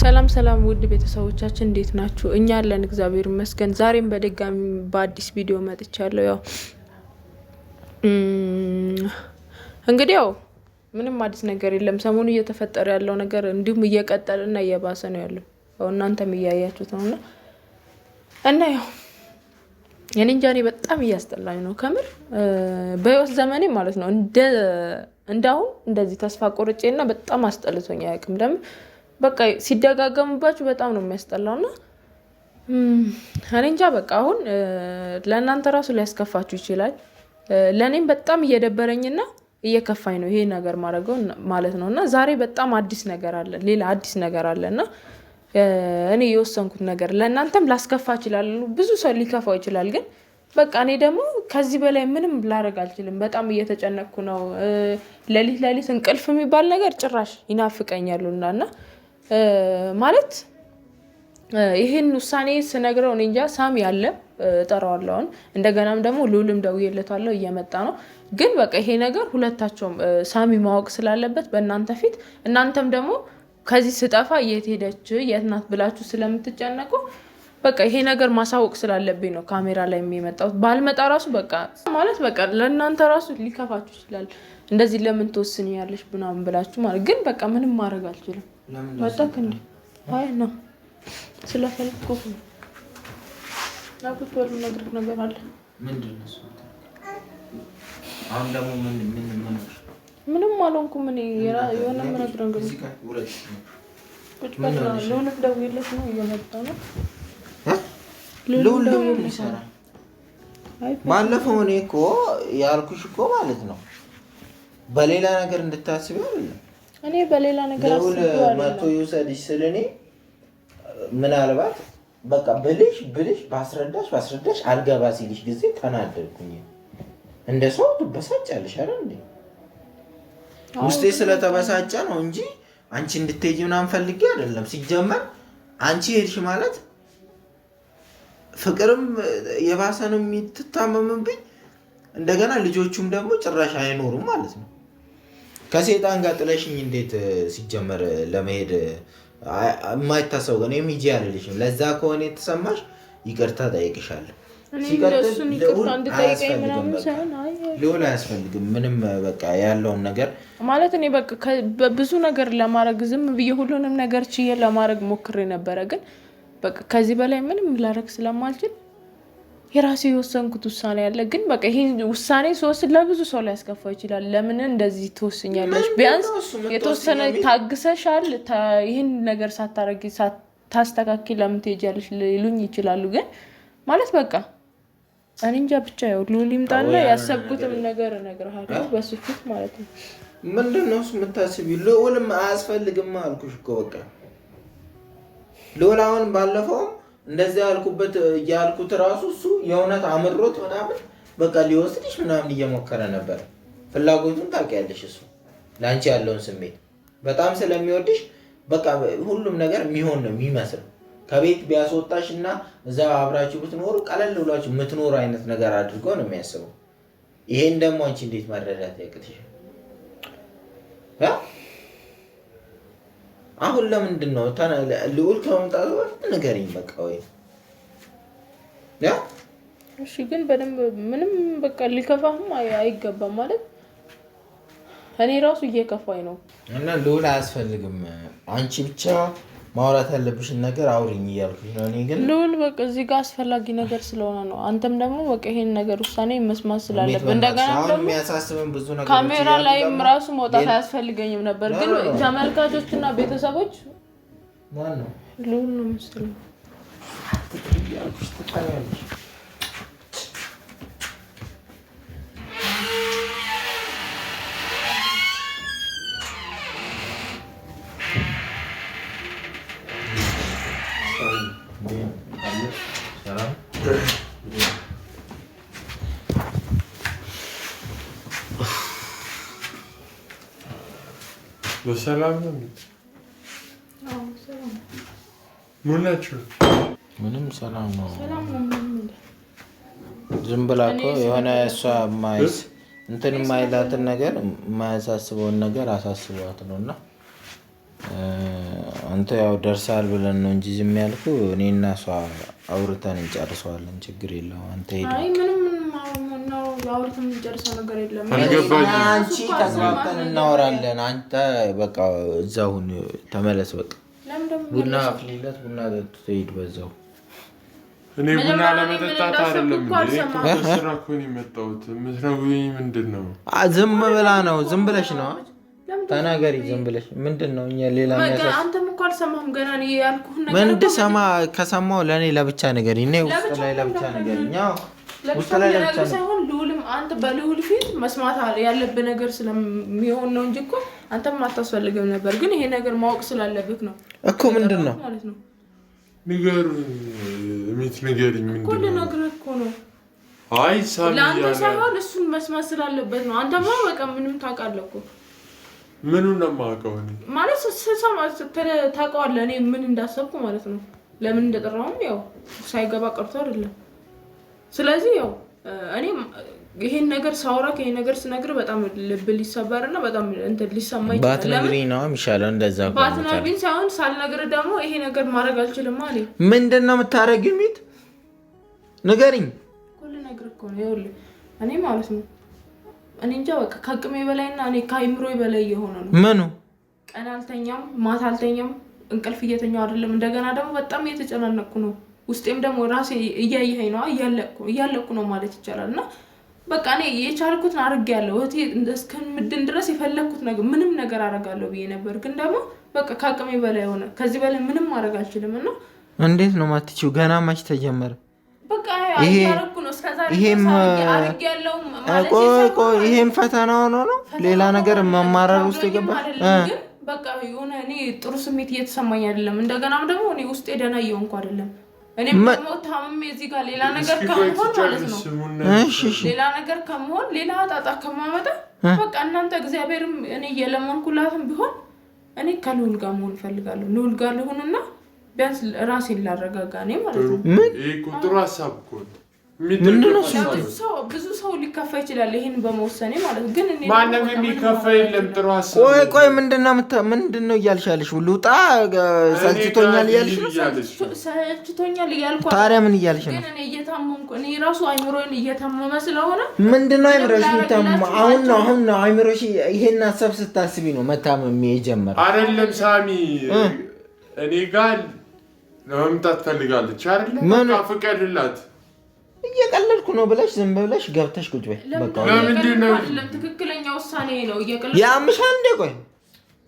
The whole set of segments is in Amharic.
ሰላም ሰላም ውድ ቤተሰቦቻችን እንዴት ናችሁ? እኛ ያለን እግዚአብሔር ይመስገን። ዛሬም በድጋሚ በአዲስ ቪዲዮ መጥቻለሁ። ያው እንግዲህ ያው ምንም አዲስ ነገር የለም። ሰሞኑ እየተፈጠረ ያለው ነገር እንዲሁም እየቀጠለ እና እየባሰ ነው ያለው። እናንተም እያያችሁት ነው እና እና ያው እኔ እንጃ እኔ በጣም እያስጠላኝ ነው ከምር በህይወት ዘመኔ ማለት ነው። እንዳሁን እንደዚህ ተስፋ ቆርጬ እና በጣም አስጠልቶኝ አያውቅም። ለምን በቃ ሲደጋገሙባችሁ በጣም ነው የሚያስጠላው እና እኔ እንጃ በቃ አሁን ለእናንተ ራሱ ሊያስከፋችሁ ይችላል። ለእኔም በጣም እየደበረኝና እየከፋኝ ነው ይሄ ነገር ማድረገው ማለት ነው። እና ዛሬ በጣም አዲስ ነገር አለ፣ ሌላ አዲስ ነገር አለ እና እኔ የወሰንኩት ነገር ለእናንተም ላስከፋ ይችላሉ፣ ብዙ ሰው ሊከፋው ይችላል። ግን በቃ እኔ ደግሞ ከዚህ በላይ ምንም ላደርግ አልችልም። በጣም እየተጨነቅኩ ነው። ሌሊት ሌሊት እንቅልፍ የሚባል ነገር ጭራሽ ይናፍቀኛሉ እና እና ማለት ይህን ውሳኔ ስነግረው እኔ እንጃ ሳሚ አለም እጠራዋለሁ። እንደገናም ደግሞ ሉልም ደውዬለታለሁ እየመጣ ነው። ግን በቃ ይሄ ነገር ሁለታቸውም ሳሚ ማወቅ ስላለበት በእናንተ ፊት እናንተም ደግሞ ከዚህ ስጠፋ የት ሄደች የት ናት ብላችሁ ስለምትጨነቁ በቃ ይሄ ነገር ማሳወቅ ስላለብኝ ነው ካሜራ ላይ የሚመጣው። ባልመጣ ራሱ በቃ ማለት በቃ ለእናንተ ራሱ ሊከፋችሁ ይችላል። እንደዚህ ለምን ትወስን ያለች ምናምን ብላችሁ ማለት ግን በቃ ምንም ማድረግ አልችልም። መጣክ እንዲ አይ ነው ስለፈልግ ናጉት ወር የምነግርህ ነገር አለ። ምንድን ነው እሱ? አሁን ደግሞ ምን ምን ምን ምንም አልሆንኩም። የሆነ የምነግርህ ነገር ልውልም ደውዬለት ነው እየመጣ ነው። ይሰራል። ባለፈው እኔ እኮ ያልኩሽ እኮ ማለት ነው በሌላ ነገር እንድታስቢ አይደለም። እኔ በሌላ ነገር ልውል መቶ ይውሰድሽ ስል እኔ ምናልባት በቃ ብልሽ ብልሽ ባስረዳሽ ባስረዳሽ አልገባ ሲልሽ ጊዜ ተናደድኩኝ። እንደ ሰው ትበሳጫለሽ አይደል እንዴ? ውስጤ ስለተበሳጨ ነው እንጂ አንቺ እንድትሄጂ ምናምን ፈልጌ አይደለም። ሲጀመር አንቺ ሄድሽ ማለት ፍቅርም የባሰን የምትታመምብኝ የሚትታመምብኝ፣ እንደገና ልጆቹም ደግሞ ጭራሽ አይኖሩም ማለት ነው። ከሴጣን ጋር ጥለሽኝ እንዴት ሲጀመር ለመሄድ የማይታሰው ግን እኔም ሂጂ ለዛ ከሆነ የተሰማሽ ይቅርታ ጠይቅሻለሁ። ልዑል አያስፈልግም ምንም በቃ ያለውን ነገር ማለት እኔ በቃ ብዙ ነገር ለማድረግ ዝም ብዬ ሁሉንም ነገር ችዬ ለማድረግ ሞክሬ ነበረ፣ ግን በቃ ከዚህ በላይ ምንም ላረግ ስለማልችል የራሱ የወሰንኩት ውሳኔ ያለ ግን በቃ ይሄ ውሳኔ ሶስት ለብዙ ሰው ሊያስከፋው ይችላል። ለምን እንደዚህ ትወስኛለች? ቢያንስ የተወሰነ ታግሰሻል። ይህን ነገር ሳታረጊ ታስተካኪ ለምን ትሄጃለሽ ሊሉኝ ይችላሉ። ግን ማለት በቃ እኔ እንጃ ብቻ ያው ሉል ይምጣና ያሰብኩትም ነገር እነግርሃለሁ በሱ ፊት ማለት ነው። ምንድን ነው እሱ የምታስቢው? ልዑልም አያስፈልግም አልኩሽ እኮ በቃ ልዑል አሁን ባለፈውም እንደዚህ ያልኩበት እያልኩት ራሱ እሱ የእውነት አምሮት ምናምን በቃ ሊወስድሽ ምናምን እየሞከረ ነበር። ፍላጎቱን ታውቂያለሽ። እሱ ለአንቺ ያለውን ስሜት በጣም ስለሚወድሽ በቃ ሁሉም ነገር የሚሆን ነው የሚመስል ከቤት ቢያስወጣሽ እና እዛ አብራችሁ ብትኖሩ ቀለል ብሏችሁ የምትኖሩ አይነት ነገር አድርጎ ነው የሚያስበው። ይሄን ደግሞ አንቺ እንዴት መረዳት ያቅትሽ? አሁን ለምንድን ነው ልዑል ከመምጣቱ በፊት ንገሪኝ። በቃ ወይ እሺ ግን በደንብ ምንም በቃ ሊከፋህም አይገባም ማለት እኔ ራሱ እየከፋኝ ነው። እና ልውል አያስፈልግም፣ አንቺ ብቻ ማውራት ያለብሽን ነገር አውሪኝ እያልኩሽ ነው። እኔ ግን ልውል በቃ እዚህ ጋር አስፈላጊ ነገር ስለሆነ ነው። አንተም ደግሞ በቃ ይሄን ነገር ውሳኔ መስማት ስላለብህ እንደገና የሚያሳስብን ብዙ ነገር ካሜራ ላይም ራሱ መውጣት አያስፈልገኝም ነበር፣ ግን ተመልካቾች እና ቤተሰቦች ልዑል ነው መሰለኝ በሰላም ነው። ምን ናቸው? ምንም ሰላም ነው። ዝም ብላ እኮ የሆነ እሷ ማየት እንትን የማይላትን ነገር የማያሳስበውን ነገር አሳስቧት ነው እና አንተ ያው ደርሳል ብለን ነው እንጂ ዝም ያልኩ እኔና እሷ አውርተን እንጨርሰዋለን። ችግር የለውም አንተ ሄደ ተግባብተን እናወራለን። አንተ በቃ ተመለስ። በቃ ቡና አፍሊለት፣ ቡና ጠጡ፣ ትሄድ በዛው። እኔ ቡና ለመጠጣት አይደለም ስራ እኮ ነው የመጣሁት። የምትነግሪኝ ምንድን ነው? ዝም ብላ ነው። ዝም ብለሽ ነው ተናገሪ። ዝም ብለሽ ምንድን ነው? እኛ ሌላ አንተም እኮ አልሰማሁም ገና ያልኩህን ነገር ምንድን ሰማ። ከሰማሁ ለእኔ ለብቻ ነገር፣ ውስጥ ላይ ለብቻ ነገር ሳይሆን ልዑልም አንተ ፊት መስማት ያለብህ ነገር ስለሚሆን ነው እንጂ እኮ አንተም አታስፈልግም ነበር፣ ግን ይሄ ነገር ማወቅ ስላለብህ ነው እኮ። ምንድን ነው ልነግርህ እኮ ነው። አይ ለአንተ ሳይሆን እሱን መስማት ስላለበት ነው። አንተማ በቃ ምንም ታውቃለህ እኮ ምኑን ነው የማውቀው? ማለት ስሰማ ታውቀዋለህ፣ እኔ ምን እንዳሰብኩ ማለት ነው። ለምን እንደጠራሁም ያው ሳይገባ ቀርቶ አይደለም ስለዚህ ያው እኔ ይሄን ነገር ሳውራክ ይሄን ነገር ስነግር በጣም ልብ ሊሰበር እና በጣም እንትን ሊሰማ ባትነግሪኝ ነው የሚሻለው። እንደዛ ባትነግሪኝ ሳይሆን ሳልነግር ደግሞ ይሄ ነገር ማድረግ አልችልም አለ። ምንድን ነው የምታደርጊው? ሚት ንገሪኝ። ሁሉ ነገር እኮ ነው ይኸውልህ፣ እኔ ማለት ነው እኔ እንጃ በቃ ከአቅሜ በላይና እኔ ከአይምሮ በላይ የሆነ ነው። ምኑ ቀን አልተኛም፣ ማታ አልተኛም፣ እንቅልፍ እየተኛው አይደለም። እንደገና ደግሞ በጣም እየተጨናነቅኩ ነው ውስጤም ደግሞ ራሴ እያየኸኝ ነዋ፣ እያለኩ ነው ማለት ይቻላል። እና በቃ እኔ የቻልኩትን አድርጌያለሁ። እህቴ እስከምድን ድረስ የፈለግኩት ነገር ምንም ነገር አደርጋለሁ ብዬ ነበር፣ ግን ደግሞ በቃ ከአቅሜ በላይ ሆነ። ከዚህ በላይ ምንም ማድረግ አልችልም። እና እንዴት ነው ማትችው? ገና መች ተጀመረ? ይሄም ፈተና ሆኖ ነው ሌላ ነገር መማረር ውስጥ ይገባል። በቃ የሆነ እኔ ጥሩ ስሜት እየተሰማኝ አይደለም። እንደገናም ደግሞ እኔ ውስጤ ደህና እየሆንኩ አይደለም። ሌላ ነገር ከመሆን ሌላ ጣጣ ከማመጣ በቃ እናንተ እግዚአብሔርም እኔ የለመንኩላትም ቢሆን እኔ ከልዑል ጋር መሆን እፈልጋለሁ። ልዑል ጋር ልሁንና ቢያንስ ራሴን ላረጋጋ እኔ ማለት ነው። ምን ይህ ቁጥሩ ሀሳብ ብዙ ሰው ሊከፋ ይችላል፣ ይህን በመወሰኔ ማለት ግን ማንም የሚከፋ የለም። ጥሩ ቆይ ቆይ፣ ምንድን ልውጣ ሰልችቶኛል እያልሽ ሰልችቶኛል እያልኩ ታዲያ ምን እያልሽ ነው? እኔ እየታመምኩ እኔ ራሱ እየታመመ ስለሆነ አይምሮሽ የሚታመመ? አሁን ነው አሁን ነው አይምሮሽ ይሄን ሀሳብ ስታስቢ ነው መታመም አይደለም። ሳሚ እኔ ጋር አይደለም? ፍቀድላት እየቀለልኩ ነው ብለሽ ዝም ብለሽ ገብተሽ ቁጭ በይ። ትክክለኛ ውሳኔ ነው። ያምሻል እንዴ? ቆይ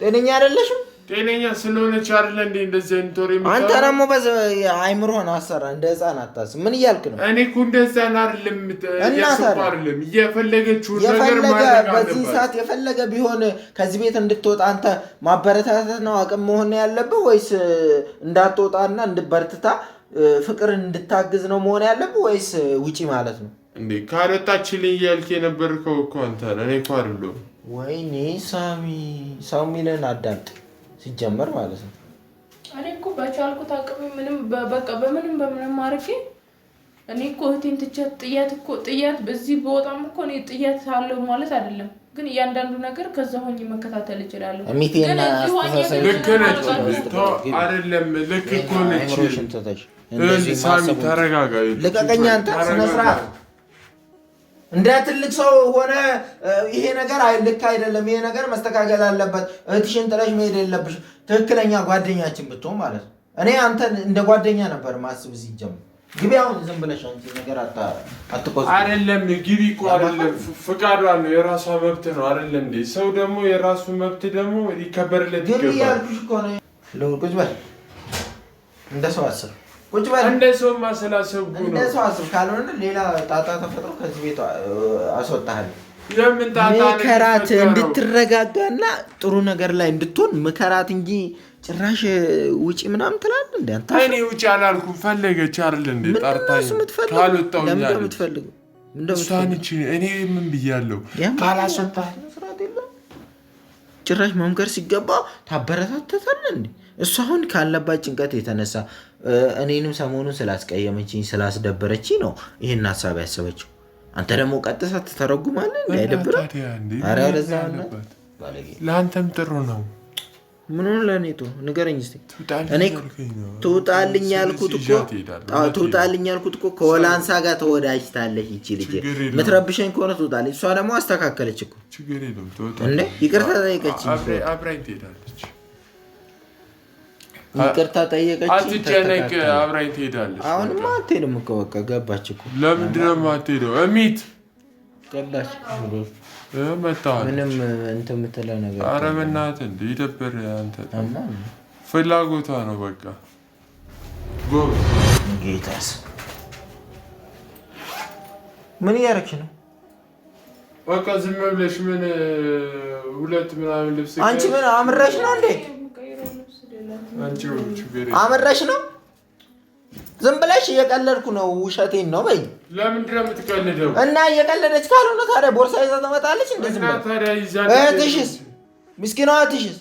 ጤነኛ አይደለሽም። ጤነኛ ስለሆነች አይደለ እንዴ እንደዚህ አይነት ወሬ። አንተ ደግሞ አይምሮህን አሰራ። እንደ ህፃን አታስብ። ምን እያልክ ነው? እኔ እኮ እንደ ህፃን አይደለም አይደለም። እየፈለገችው ነገር ማድረግ በዚህ ሰዓት የፈለገ ቢሆን ከዚህ ቤት እንድትወጣ አንተ ማበረታታት ነው አቅም መሆን ያለብህ ወይስ እንዳትወጣና እንድበርትታ ፍቅር እንድታግዝ ነው መሆን ያለብህ ወይስ ውጪ ማለት ነው እንዴ? ካልወጣችልኝ እያልክ የነበርከው እኮ አንተ ነህ፣ እኔ እኮ አይደለሁም። ወይኔ ሳሚ ሳሚንን አዳምጥ ሲጀመር ማለት ነው። እኔ እኮ በቻልኩት አቅም ምንም በቃ በምንም በምንም አድርጌ እኔ እኮ እህቴን ትቻት ጥያት እኮ ጥያት በዚህ በወጣም እኮ እኔ ጥያት አለው ማለት አይደለም፣ ግን እያንዳንዱ ነገር ከዛ ሆኜ መከታተል እችላለሁ። ልክ አይደለም? ልክ እኮ ነች። ተረጋጋ፣ አንተ ስነ ስርዓት እንደ ትልቅ ሰው ሆነ ይሄ ነገር ልክ አይደለም፣ ይሄ ነገር መስተካከል አለበት። እህትሽን ጥለሽ መሄድ የለብሽ። ትክክለኛ ጓደኛችን ብትሆን ማለት ነው። እኔ አንተን እንደ ጓደኛ ነበር ማስብ ሲጀምር ግቢ አሁን ዝም ብለሽ አንቺ ነገር አይደለም ግቢ እኮ አይደለም ፍቃዷ ነው የራሷ መብት ነው አይደለም እንዴ? ሰው ደግሞ የራሱ መብት ደግሞ ይከበርለት ይገባል። ቁጭ በል እንደ ሰው አስብ። ቁጭ በል እንደ ሰው ማሰላሰብ እንደ ሰው አስብ። ካልሆነ ሌላ ጣጣ ተፈጥሮ ከዚህ ቤት አስወጣሃል። ምከራት እንድትረጋጋና ጥሩ ነገር ላይ እንድትሆን ምከራት እንጂ ጭራሽ ውጪ ምናምን ትላል እንዴ? አንተ እኔ ውጪ አላልኩም። ፈለገች አይደል እንዴ? ጠርታኝ እኔ ምን ብያለሁ? ጭራሽ መምከር ሲገባ ታበረታተታል እንዴ? እሱ አሁን ካለባት ጭንቀት የተነሳ እኔንም ሰሞኑን ስላስቀየመችኝ ስላስደበረችኝ ነው ይህን ሀሳብ ያሰበችው። አንተ ደግሞ ቀጥታ ትተረጉማለህ። አይደብርም? ኧረ ለአንተም ጥሩ ነው ምን ሆነ? ለኔቱ ንገረኝ እስቲ። እኔ ትውጣልኝ ያልኩት እኮ ትውጣልኝ ያልኩት እኮ ከወላንሳ ጋር ተወዳጅታለች ይቺ ልጅ። ምትረብሸኝ ከሆነ ትውጣልኝ። እሷ ደግሞ አስተካከለች እኮ ይቅርታ ጠየቀች፣ ይቅርታ ጠየቀች። አሁንማ አትሄድም እኮ በቃ ገባች እኮ። የማትሄደው? እሚት ገላች ምንም እንት የምትለው ነገር ኧረ በእናትህ እንደ ይደብር አንተ ፍላጎቷ ነው በቃ ጌታስ ምን እያደረግሽ ነው በቃ ዝም ብለሽ ምን ሁለት ምናምን ልብስ አንቺ ምን አምረሽ ነው እንዴ አምረሽ ነው ዝም ብለሽ እየቀለድኩ ነው፣ ውሸቴን ነው በይ። ለምንድን የምትቀልደው? እና እየቀለደች ካልሆነ ታዲያ ቦርሳ ይዛ ትመጣለች። እንደዚህ እህትሽስ፣ ምስኪኗ እህትሽስ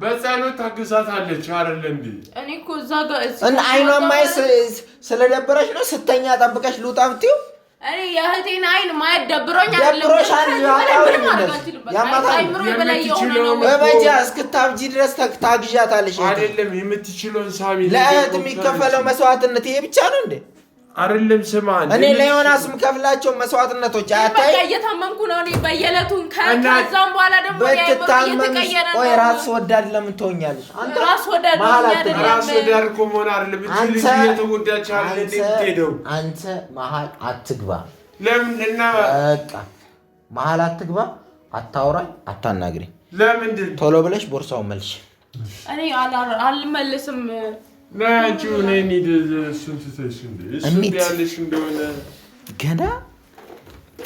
በጸሎት ታግዛታለች አይደል እንዴ? እኔ እኮ እዛ ጋር አይኗ ማየት ስለደበረሽ ነው ስተኛ ጠብቀሽ ልውጣ ብትይው እኔ የእህቴን አይን ማየት ደብሮኝ በመጃ እስክታብጂ ድረስ ታግዣታለሽ። አይደለም የምትችለውን ሳሚ ለእህት የሚከፈለው መስዋዕትነት ይሄ ብቻ ነው እንዴ? አይደለም ስማ፣ እኔ ለዮናስ የምከፍላቸው መስዋዕትነቶች አታይ። እየታመምኩ ነው እኔ በየዕለቱ ከዛም በኋላ ደግሞ ወይ ራስ ወዳድ ለምን ትሆኛለሽ? ራስ ወዳድ ራስ ወዳድ መሆን አይደለም አንተ መሀል አትግባ። ለምን እና በቃ መሀል አትግባ፣ አታውራኝ፣ አታናግሪኝ። ለምንድን ቶሎ ብለሽ ቦርሳውን መልሽ። እኔ አልመልስም ገና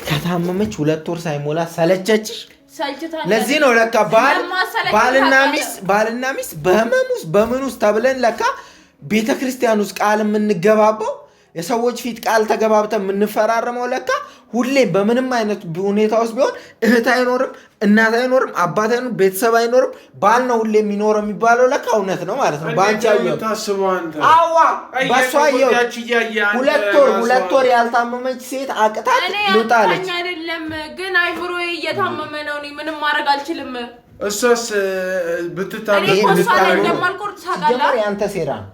ከታመመች ሁለት ወር ሳይሞላ ሰለቸችሽ። ለዚህ ነው ለካ ባልና ሚስት በህመም ውስጥ በምን ውስጥ ተብለን ለካ ቤተክርስቲያን ውስጥ ቃል የምንገባበው? የሰዎች ፊት ቃል ተገባብተን የምንፈራረመው ለካ ሁሌ በምንም አይነት ሁኔታ ውስጥ ቢሆን እህት አይኖርም፣ እናት አይኖርም፣ አባት አይኖርም፣ ቤተሰብ አይኖርም፣ ባል ነው ሁሌ የሚኖረው የሚባለው ለካ እውነት ነው ማለት ነው። በአንቺ አዋ በሷ ሁለት ወር ሁለት ወር ያልታመመች ሴት አቅታት ልውጣለች። አይደለም ግን አይምሮ እየታመመ ነው። ምንም ማድረግ አልችልም። እሷስ ብትታመ ያንተ ሴራ ነው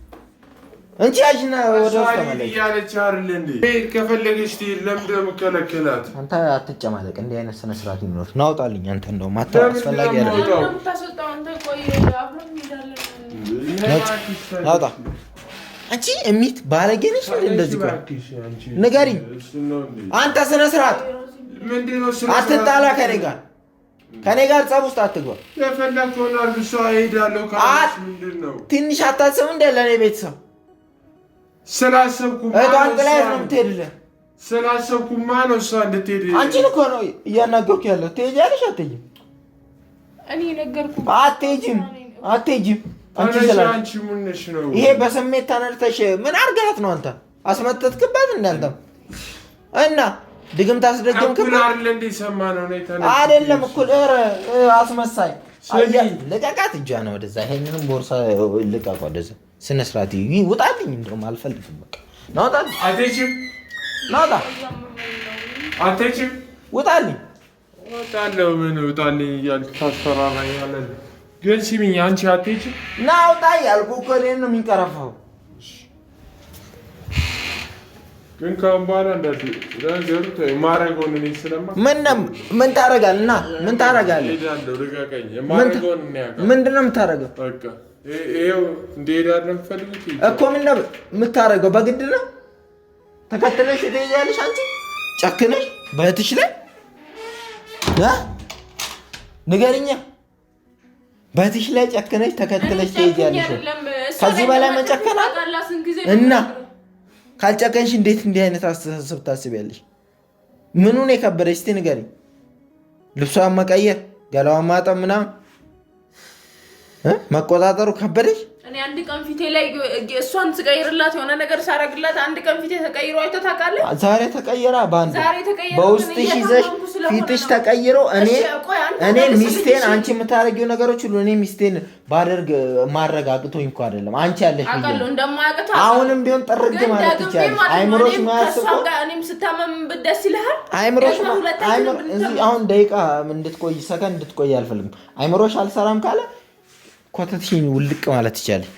እንጂ አጅና ወደ ውስጥ አይደል እንዴ? አንተ አትጨማለቅ። እንዲህ አይነት ስነ ስርዓት ይኖር ናውጣልኝ። አንተ እንደውም አስፈላጊ አይደለም። ናውጣ። አንቺ እሚት ባለጌ ነሽ። እንደዚህ ንገሪኝ። አንተ ስነ ስርዓት አትጣላ ከኔ ጋር ከኔ ጋር ጸብ ውስጥ አትግባ። ትንሽ አታስብ እንደ ለእኔ ቤተሰብ ስላሰብኩማ ነው እሷ እንድትሄድ። አንቺን እኮ ነው እያናገርኩ ያለው። ትሄጃለሽ? አትሄጂም? እኔ ነገርኩህ። አትሄጂም፣ አትሄጂም። ይሄ በስሜት ተነድተሽ ምን አድርገሃት ነው አንተ? አስመጠጥክበት እና ድግምት አስደገምክበት አይደለም። አስመሳይ ልቀቃት፣ እጇ ነው ወደዛ። ይሄንንም ቦርሳ ወደዛ ስነ ስርዓት ውጣልኝ። እንደውም አልፈልግም። በቃ ናውጣ ናውጣ ውጣልኝ። ወጣለሁ። ምን ውጣልኝ ታስፈራራኛለህ። ግን ሲሚኝ አንቺ አትሄጂም። ናውጣ እያልኩ እኮ እኔን ነው የሚንቀረፈው። ግን ከአሁን በኋላ ምን ታደርጋለህ? እና ምን ታደርጋለህ? ምንድን ነው የምታደርገው? ይኸው እኮ ምን የምታደርገው? በግድ ነው ተከትለሽ ትሄጃለሽ። አንቺ ጨክነሽ በእህትሽ ላይ ንገርኛ፣ በእህትሽ ላይ ጨክነሽ ተከትለሽ ትሄጃለሽ። ከዚህ በላይ መጨከና እና ካልጨከንሽ እንዴት እንዲህ አይነት አስተሳሰብ ታስቢያለሽ? ምኑን የከበደች እስኪ ንገሪኝ። ልብሷን መቀየር፣ ገላዋን ማጠብ ምናምን መቆጣጠሩ ከበደሽ። እኔ አንድ ቀን ፊቴ ላይ እሷን ስቀይርላት የሆነ ነገር ሳረግላት አንድ ቀን ፊቴ ተቀይሮ አይቶ ታውቃለህ? ዛሬ ተቀየራ። በአንድ በውስጥሽ ይዘሽ ፊትሽ ተቀይሮ እኔ እኔ ሚስቴን አንቺ የምታደርጊው ነገሮች ሁሉ እኔ ሚስቴን ባደርግ ማረጋግቶኝ እኮ አይደለም አንቺ ያለሽ አሁንም ቢሆን ጥርግ ማለት ትችላለሽ። አይምሮሽ እኔም ስታመም ደስ ይልሃል። አይምሮሽ አሁን ደቂቃ እንድትቆይ ሰከን እንድትቆይ አልፈልግም። አይምሮሽ አልሰራም ካለ ኮተትሽን ውልቅ ማለት ትችላለች።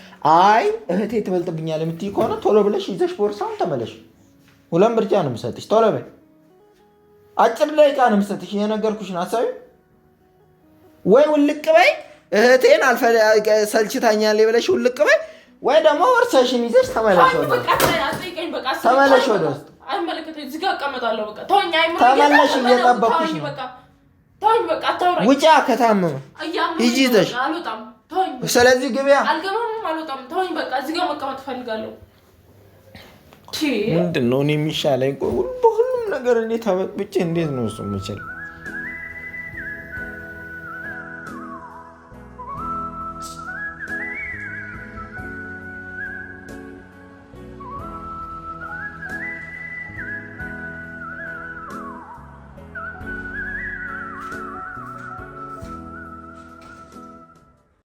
አይ እህቴ ትበልጥብኛል የምትይ ከሆነ ቶሎ ብለሽ ይዘሽ ቦርሳውን ተመለሽ። ሁለም ምርጫ ነው የምሰጥሽ። ቶሎ በይ። አጭር ደቂቃ ነው የምሰጥሽ። የነገርኩሽን አሳቢ ወይ ውልቅ በይ እህቴን ሰልችታኛል ብለሽ ውልቅ በይ፣ ወይ ደግሞ ወርሰሽን ይዘሽ ተመለሽ ተመለሽ ወደ ውስጥ ተመለሽ። እየጠበኩሽ ነው። ውጫ ከታመመ ሂጂ ይዘሽ ስለዚህ ግቢያ አልገባም፣ አልወጣም። ተወኝ በቃ እዚህ ጋር መቀመጥ እፈልጋለሁ። ምንድን ነው እኔ የሚሻለኝ? ሁሉም ነገር እንዴት አመጥብጬ እንዴት ነው እሱ የምችል